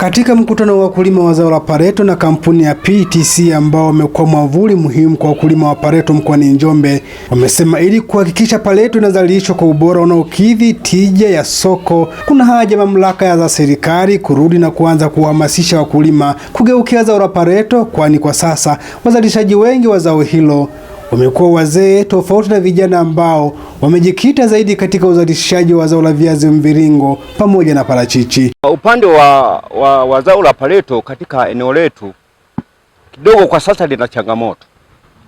Katika mkutano wa wakulima wa zao la pareto na kampuni ya PTC e ambao wamekuwa mwavuli muhimu kwa wakulima wa pareto mkoani Njombe, wamesema ili kuhakikisha pareto inazalishwa kwa ubora unaokidhi tija ya soko, kuna haja mamlaka ya za serikali kurudi na kuanza kuhamasisha wakulima kugeukia zao la pareto, kwani kwa sasa wazalishaji wengi wa zao hilo wamekuwa wazee tofauti na vijana ambao wamejikita zaidi katika uzalishaji wa zao la viazi mviringo pamoja na parachichi. Uh, upande wa, wa, wa zao la pareto katika eneo letu kidogo kwa sasa lina changamoto.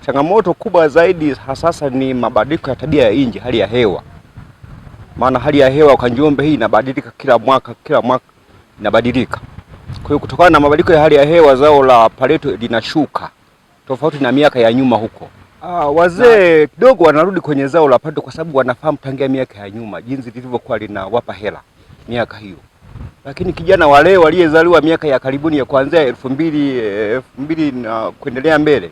Changamoto kubwa zaidi hasa ni mabadiliko ya tabia ya nje, hali ya hewa, maana hali ya hewa kwa Njombe hii inabadilika kila mwaka, kila mwaka inabadilika. Kwa hiyo kutokana na mabadiliko ya hali ya hewa zao la pareto linashuka tofauti na miaka ya nyuma huko. Ah, wazee kidogo wanarudi kwenye zao la pato kwa sababu wanafahamu tangia miaka ya nyuma jinsi lilivyokuwa linawapa hela miaka hiyo, lakini kijana leo waliyezaliwa miaka ya karibuni ya kuanzia elfu mbili elfu mbili na kuendelea mbele,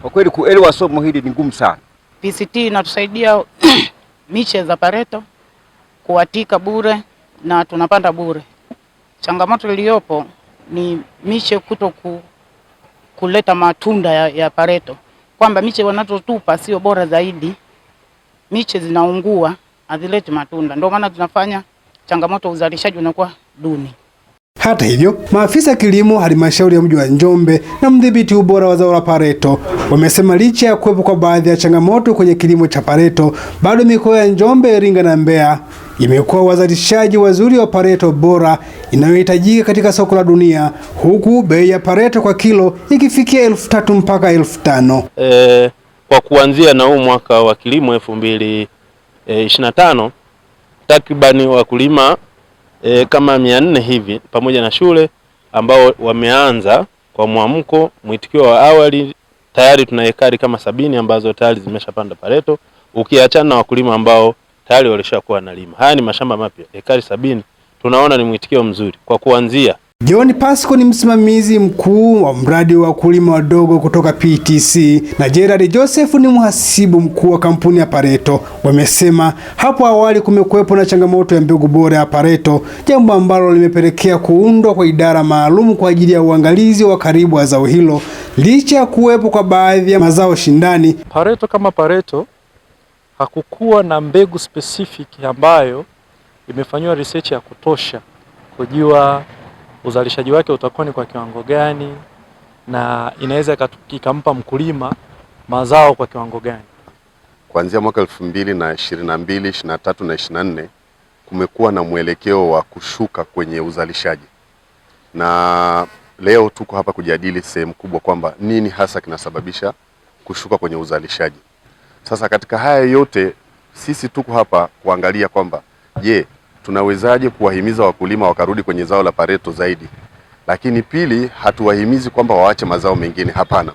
kwa kweli kuelewa somo hili ni ngumu sana. PCT inatusaidia miche za pareto kuwatika bure na tunapanda bure. Changamoto iliyopo ni miche kuto ku, kuleta matunda ya, ya pareto kwamba miche wanazotupa sio bora zaidi, miche zinaungua, hazileti matunda. Ndio maana tunafanya changamoto ya uzalishaji unakuwa duni. Hata hivyo, maafisa kilimo halmashauri ya mji wa Njombe na mdhibiti ubora wa zao la pareto wamesema licha ya kuwepo kwa baadhi ya changamoto kwenye kilimo cha pareto, bado mikoa ya Njombe, Iringa na Mbeya imekuwa wazalishaji wazuri wa pareto bora inayohitajika katika soko la dunia, huku bei ya pareto kwa kilo ikifikia elfu tatu mpaka elfu tano e, kwa kuanzia na huu mwaka wa kilimo elfu mbili e, ishirini na tano takribani wakulima e, kama mia nne hivi pamoja na shule ambao wameanza kwa mwamko, mwitikio wa awali tayari tuna hekari kama sabini ambazo tayari zimeshapanda pareto, ukiachana na wakulima ambao tayari walishakuwa wanalima. Haya ni mashamba mapya ekari sabini, tunaona ni mwitikio mzuri kwa kuanzia. John Pasco ni msimamizi mkuu wa mradi wa wakulima wadogo kutoka PTC na Gerald Joseph ni mhasibu mkuu wa kampuni ya Pareto. Wamesema hapo awali kumekuwepo na changamoto ya mbegu bora ya Pareto, jambo ambalo limepelekea kuundwa kwa idara maalum kwa ajili ya uangalizi wa karibu wa zao hilo, licha ya kuwepo kwa baadhi ya mazao shindani. Pareto kama Pareto hakukuwa na mbegu specific ambayo imefanyiwa research ya kutosha kujua uzalishaji wake utakuwa ni kwa kiwango gani na inaweza ikampa mkulima mazao kwa kiwango gani. Kuanzia mwaka elfu mbili na ishirini na mbili ishirini na tatu na ishirini na nne kumekuwa na mwelekeo wa kushuka kwenye uzalishaji, na leo tuko hapa kujadili sehemu kubwa kwamba nini hasa kinasababisha kushuka kwenye uzalishaji. Sasa katika haya yote sisi tuko hapa kuangalia kwamba je, tunawezaje kuwahimiza wakulima wakarudi kwenye zao la pareto zaidi, lakini pili, hatuwahimizi kwamba waache mazao mengine. Hapana.